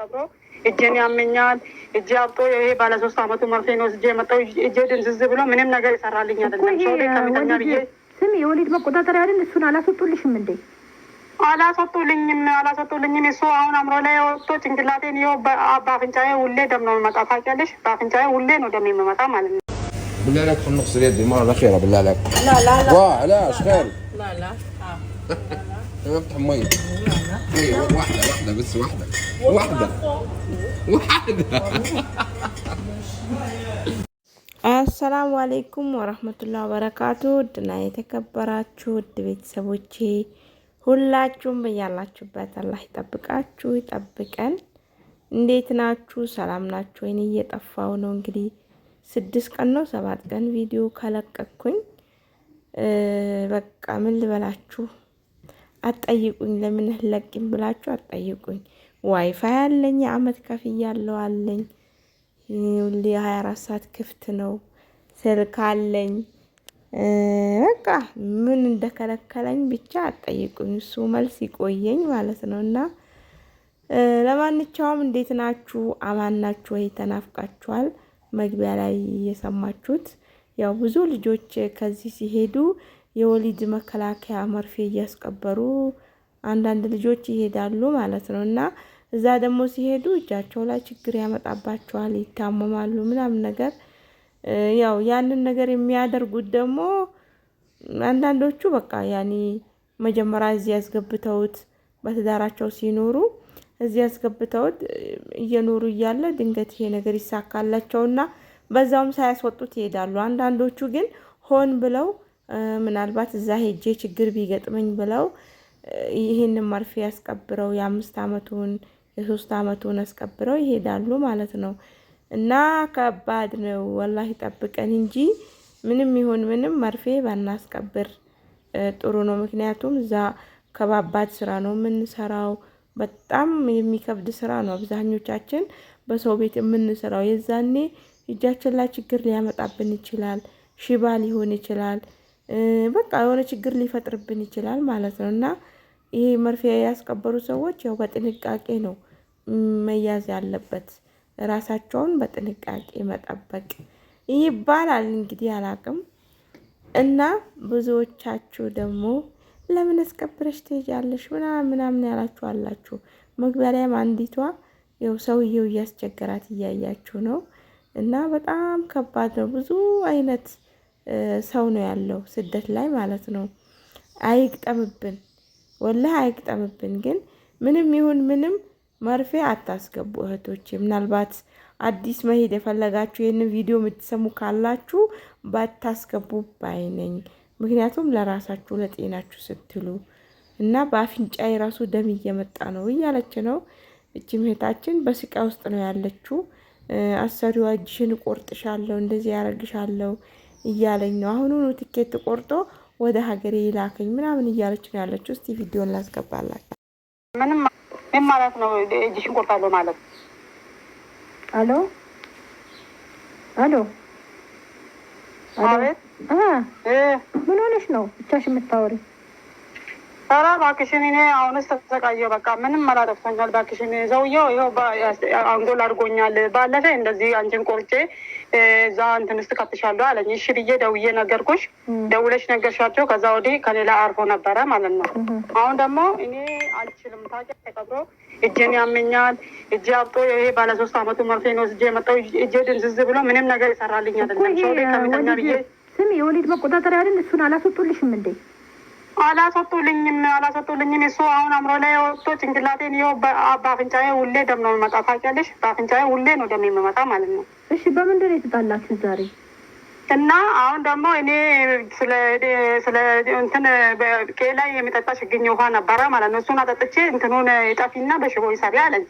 ተቀብሮ እጄን ያመኛል። እጄ አብጦ ይሄ ባለሶስት አመቱ መርፌ ነው ስጄ መጣው እጄ ድንዝዝ ብሎ ምንም ነገር ይሰራልኝ አይደለም። ስም የወሊድ መቆጣጠሪያ አይደል? እሱን አላስወጡልሽም እንዴ? አላሰጡልኝም አላሰጡልኝም። እሱ አሁን አእምሮ ላይ ወጥቶ ጭንቅላቴን ይኸው በአፍንጫዬ ሁሌ ደም ነው የሚመጣ። ታውቂያለሽ፣ በአፍንጫዬ ሁሌ ነው ደም የሚመጣ ማለት ነው። بالله عليك نغسل يدي مرة أخيرة بالله عليك لا لا لا لا لا لا لا تمام حمية ايوه واحدة واحدة بس واحدة واحدة واحدة አሰላሙ አሌይኩም ወረህመቱላ ወበረካቱ ውድና የተከበራችሁ ውድ ቤተሰቦቼ ሁላችሁም በያላችሁበት አላህ ይጠብቃችሁ ይጠብቀን። እንዴት ናችሁ? ሰላም ናችሁ ወይን? እየጠፋው ነው እንግዲህ ስድስት ቀን ነው ሰባት ቀን ቪዲዮ ከለቀኩኝ በቃ ምን ልበላችሁ አጠይቁኝ ለምን ለቅም ብላችሁ አጠይቁኝ? ዋይፋይ አለኝ፣ የአመት ክፍያ ያለው አለኝ፣ አራት ሰዓት ክፍት ነው፣ ስልክ አለኝ። በቃ ምን እንደከለከለኝ ብቻ አጠይቁኝ እሱ መልስ ይቆየኝ ማለት ነው እና ለማንኛውም እንዴት ናችሁ? አማን ናችሁ ወይ? ተናፍቃችኋል። መግቢያ ላይ የሰማችሁት ያው ብዙ ልጆች ከዚህ ሲሄዱ የወሊድ መከላከያ መርፌ እያስቀበሩ አንዳንድ ልጆች ይሄዳሉ ማለት ነው። እና እዛ ደግሞ ሲሄዱ እጃቸው ላይ ችግር ያመጣባቸዋል፣ ይታመማሉ ምናምን ነገር ያው ያንን ነገር የሚያደርጉት ደግሞ አንዳንዶቹ በቃ ያኔ መጀመሪያ እዚህ ያስገብተውት በትዳራቸው ሲኖሩ እዚህ ያስገብተውት እየኖሩ እያለ ድንገት ይሄ ነገር ይሳካላቸውና በዛውም ሳያስወጡት ይሄዳሉ። አንዳንዶቹ ግን ሆን ብለው ምናልባት እዛ ሄጄ ችግር ቢገጥመኝ ብለው ይህን መርፌ ያስቀብረው የአምስት ዓመቱን የሶስት ዓመቱን አስቀብረው ይሄዳሉ ማለት ነው። እና ከባድ ነው ወላሂ ጠብቀን እንጂ ምንም ይሁን ምንም መርፌ ባናስቀብር ጥሩ ነው። ምክንያቱም እዛ ከባባድ ስራ ነው የምንሰራው። በጣም የሚከብድ ስራ ነው አብዛኞቻችን በሰው ቤት የምንሰራው። የዛኔ እጃችን ላይ ችግር ሊያመጣብን ይችላል። ሽባ ሊሆን ይችላል። በቃ የሆነ ችግር ሊፈጥርብን ይችላል ማለት ነው። እና ይሄ መርፌ ያስቀበሩ ሰዎች ያው በጥንቃቄ ነው መያዝ ያለበት፣ ራሳቸውን በጥንቃቄ መጠበቅ ይባላል። እንግዲህ አላቅም እና ብዙዎቻችሁ ደግሞ ለምን አስቀብረሽ ትሄጃለሽ ምናምን ምናምን ያላችሁ አላችሁ። መግቢያ ላይም አንዲቷ ያው ሰውየው እያስቸገራት እያያችሁ ነው። እና በጣም ከባድ ነው ብዙ አይነት ሰው ነው ያለው ስደት ላይ ማለት ነው። አይግጠምብን፣ ወላህ አይግጠምብን። ግን ምንም ይሁን ምንም መርፌ አታስገቡ እህቶቼ። ምናልባት አዲስ መሄድ የፈለጋችሁ ይህንን ቪዲዮ የምትሰሙ ካላችሁ ባታስገቡ ባይ ነኝ። ምክንያቱም ለራሳችሁ ለጤናችሁ ስትሉ እና በአፍንጫ የራሱ ደም እየመጣ ነው እያለች ነው እችም እህታችን በስቃይ ውስጥ ነው ያለችው። አሰሪዋ እጅሽን እቆርጥሻለሁ፣ እንደዚህ ያረግሻለሁ እያለኝ ነው። አሁኑኑ ትኬት ቆርጦ ወደ ሀገሬ ይላከኝ ምናምን እያለች ነው ያለችው። እስቲ ቪዲዮን ላስገባላችሁ። ምንም ምን ማለት ነው? እጅሽን ቆርጣለሁ ማለት አሎ፣ አሎ፣ አቤት። ምን ሆነሽ ነው ብቻሽ የምታወሪ? ኧረ እባክሽን እኔ አሁንስ ተሰቃየ። በቃ ምንም አላጠፍተኛል። እባክሽን ሰውዬው ይኸው አንጎል አድርጎኛል። ባለፈ እንደዚህ አንቺን ቆርጬ እዛ እንትን ውስጥ እከትሻለሁ አለኝ። እሺ ብዬ ደውዬ ነገርኩሽ፣ ደውለሽ ነገርሻቸው። ከዛ ወዲህ ከሌላ አርፎ ነበረ ማለት ነው። አሁን ደግሞ እኔ አልችልም። ታውቂያ ተቀብሮ እጄን ያመኛል። እጄ አብጦ ይሄ ባለሶስት ሶስት አመቱ መርፌን ወስጄ መጣሁ። እጄ ድንዝዝ ብሎ ምንም ነገር ይሰራልኝ አይደለም። ከሚተኛ ብዬ ስም የወሊድ መቆጣጠሪያ አይደል? እሱን አላስወጡልሽም እንዴ? አላሰጡልኝም አላሰጡልኝም። እሱ አሁን አምሮ ላይ ወጥቶ ጭንቅላቴን ይኸው በአፍንጫዬ ሁሌ ደም ነው የሚመጣ ታውቂያለሽ። በአፍንጫዬ ሁሌ ነው ደም የሚመጣ ማለት ነው። እሺ በምንድን ነው የተጣላችሁ ዛሬ? እና አሁን ደግሞ እኔ ስለ እንትን ቄ ላይ የሚጠጣ ችግኝ ውሃ ነበረ ማለት ነው። እሱን አጠጥቼ እንትኑን ጠፊና በሽቦ ይሰሪ አለኝ።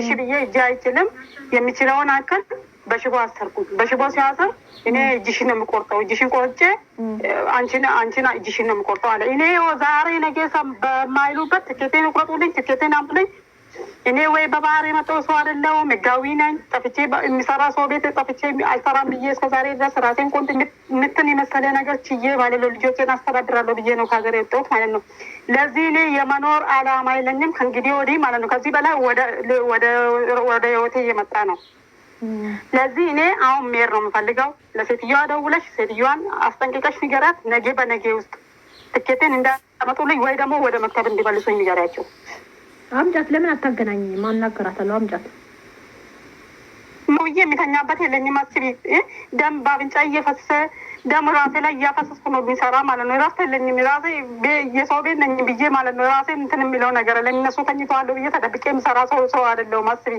እሺ ብዬ እጄ አይችልም የሚችለውን አክል በሽቦ አሰርኩት። በሽቦ ሲያሰር እኔ እጅሽን ነው የምቆርጠው፣ እጅሽን ቆርጬ አንቺን አንቺን እጅሽን ነው የምቆርጠው አለ። እኔ ዛሬ ነገ በማይሉበት ትኬቴን ቁረጡልኝ፣ ትኬቴን አምጡልኝ። እኔ ወይ በባህር የመጠው ሰው አይደለሁም፣ ህጋዊ ነኝ። ጠፍቼ የሚሰራ ሰው ቤት ጠፍቼ አልሰራም ብዬ እስከ ዛሬ ድረስ ራሴን ቆንጥ ምትን የመሰለ ነገር ችዬ ባለለ ልጆቼን አስተዳድራለሁ ብዬ ነው ከሀገር የወጣሁት ማለት ነው። ለዚህ እኔ የመኖር አላማ የለኝም ከእንግዲህ ወዲህ ማለት ነው። ከዚህ በላይ ወደ ወደ ህይወቴ እየመጣ ነው ለዚህ እኔ አሁን ሜር ነው የምፈልገው። ለሴትዮዋ ደውለሽ ሴትዮዋን አስጠንቅቀሽ ንገራት። ነገ በነገ ውስጥ ትኬቴን እንዳመጡልኝ ወይ ደግሞ ወደ መክተብ እንዲመልሱኝ ንገሪያቸው። አምጫት ለምን አታገናኝ? ማናገራታለሁ አምጫት ሙዬ የሚተኛበት የለኝም። አስቢ ደም በአፍንጫ እየፈሰ ደም ራሴ ላይ እያፈሰስኩ ነው የሚሰራ ማለት ነው። ራሴ የለኝም። ራሴ የሰው ቤት ነኝ ብዬ ማለት ነው። ራሴ እንትን የሚለው ነገር ለእነሱ ተኝተዋለሁ ብዬ ተደብቄ የምሰራ ሰው ሰው አይደለሁም። አስቢ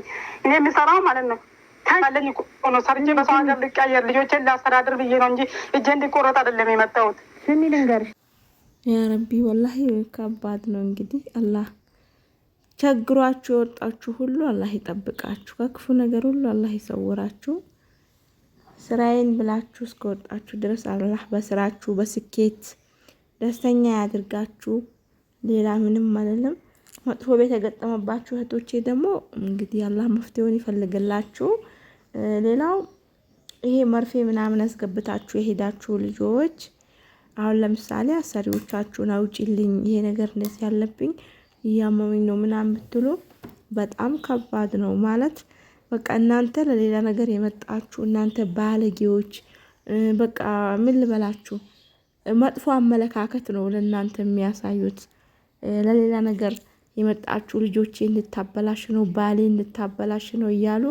እኔ የምሰራው ማለት ነው ታለን ሆኖ ሰርቼ በሰው ሀገር ልቀየር ልጆችን ላስተዳድር ብዬ ነው እንጂ እጄ እንዲቆረጥ አይደለም የመጣሁት። ስሚ ልንገርሽ፣ ያ ረቢ ወላሂ ከባድ ነው። እንግዲህ አላህ ቸግሯችሁ የወጣችሁ ሁሉ አላህ ይጠብቃችሁ፣ ከክፉ ነገር ሁሉ አላህ ይሰውራችሁ። ስራዬን ብላችሁ እስከወጣችሁ ድረስ አላህ በስራችሁ በስኬት ደስተኛ ያድርጋችሁ። ሌላ ምንም አይደለም። መጥፎ ቤት የገጠመባችሁ እህቶቼ ደግሞ እንግዲህ አላህ መፍትሄውን ይፈልግላችሁ። ሌላው ይሄ መርፌ ምናምን ያስገብታችሁ የሄዳችሁ ልጆች አሁን ለምሳሌ አሰሪዎቻችሁን አውጪልኝ፣ ይሄ ነገር እንደዚህ ያለብኝ እያመመኝ ነው ምናምን ብትሉ በጣም ከባድ ነው ማለት በቃ እናንተ ለሌላ ነገር የመጣችሁ እናንተ ባለጌዎች፣ በቃ ምን ልበላችሁ፣ መጥፎ አመለካከት ነው ለእናንተ የሚያሳዩት ለሌላ ነገር የመጣችሁ ልጆቼ እንታበላሽ ነው፣ ባሌ እንድታበላሽ ነው እያሉ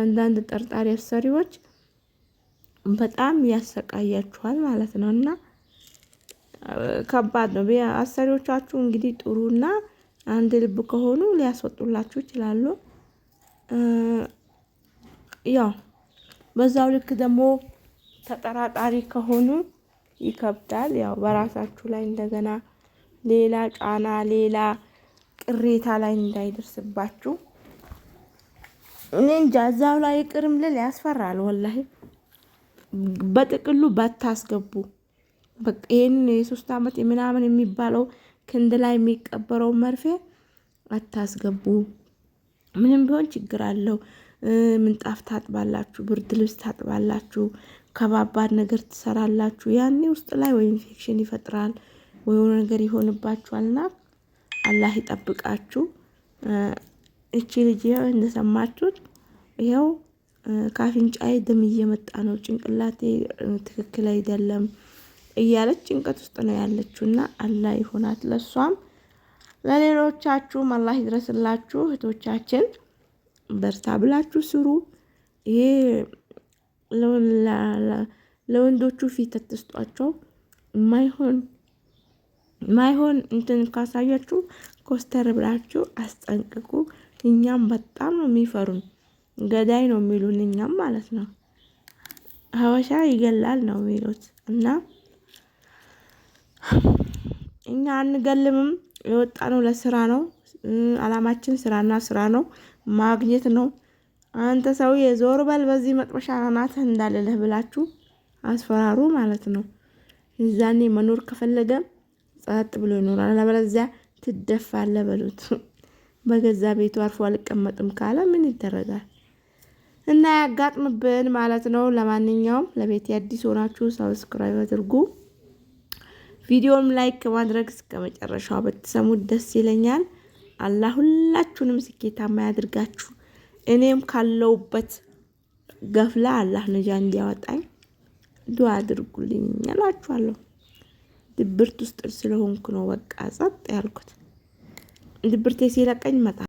አንዳንድ ጠርጣሪ አሰሪዎች በጣም ያሰቃያችኋል ማለት ነው። እና ከባድ ነው። አሰሪዎቻችሁ እንግዲህ ጥሩና አንድ ልብ ከሆኑ ሊያስወጡላችሁ ይችላሉ። ያው በዛው ልክ ደግሞ ተጠራጣሪ ከሆኑ ይከብዳል። ያው በራሳችሁ ላይ እንደገና ሌላ ጫና ሌላ ቅሬታ ላይ እንዳይደርስባችሁ። እኔ እንጃ እዛው ላይ ይቅርም ልል ያስፈራል። ወላሂ በጥቅሉ ባታስገቡ በቃ ይህንን የሶስት ዓመት ምናምን የሚባለው ክንድ ላይ የሚቀበረው መርፌ አታስገቡ። ምንም ቢሆን ችግር አለው። ምንጣፍ ታጥባላችሁ፣ ብርድ ልብስ ታጥባላችሁ፣ ከባባድ ነገር ትሰራላችሁ። ያኔ ውስጥ ላይ ወይ ኢንፌክሽን ይፈጥራል ወይ ነገር ይሆንባችኋልና አላህ ይጠብቃችሁ። እቺ ልጅ ይኸው እንደሰማችሁት ይኸው ከአፍንጫዬ ደም እየመጣ ነው፣ ጭንቅላቴ ትክክል አይደለም እያለች ጭንቀት ውስጥ ነው ያለችው እና አላህ ይሆናት ለሷም ለሌሎቻችሁም አላህ ይድረስላችሁ። እህቶቻችን በርታ ብላችሁ ስሩ። ይሄ ለወንዶቹ ፊት አትስጧቸው የማይሆን ማይሆን እንትን ካሳያችሁ ኮስተር ብላችሁ አስጠንቅቁ። እኛም በጣም ነው የሚፈሩን፣ ገዳይ ነው የሚሉን እኛም ማለት ነው። ሀበሻ ይገላል ነው የሚሉት እና እኛ አንገልምም። የወጣ ነው ለስራ ነው። አላማችን ስራና ስራ ነው፣ ማግኘት ነው። አንተ ሰውዬ ዞር በል በዚህ መጥበሻ ናት እንዳለለህ ብላችሁ አስፈራሩ ማለት ነው። እዛኔ መኖር ከፈለገ ጸጥ ብሎ ይኖራል። አለበለዚያ ትደፋለ በሉት። በገዛ ቤቱ አርፎ አልቀመጥም ካለ ምን ይደረጋል? እና ያጋጥምብን ማለት ነው። ለማንኛውም ለቤት አዲስ ሆናችሁ ሰብስክራይብ አድርጉ፣ ቪዲዮም ላይክ ማድረግ እስከ መጨረሻው ብትሰሙት ደስ ይለኛል። አላህ ሁላችሁንም ስኬታማ ያድርጋችሁ። እኔም ካለውበት ገፍላ አላህ ነጃ እንዲያወጣኝ ዱዓ አድርጉልኝ እላችኋለሁ። ድብርት ውስጥ ስለሆንኩ ነው በቃ ጸጥ ያልኩት። ድብርቴ ሲለቀኝ መጣ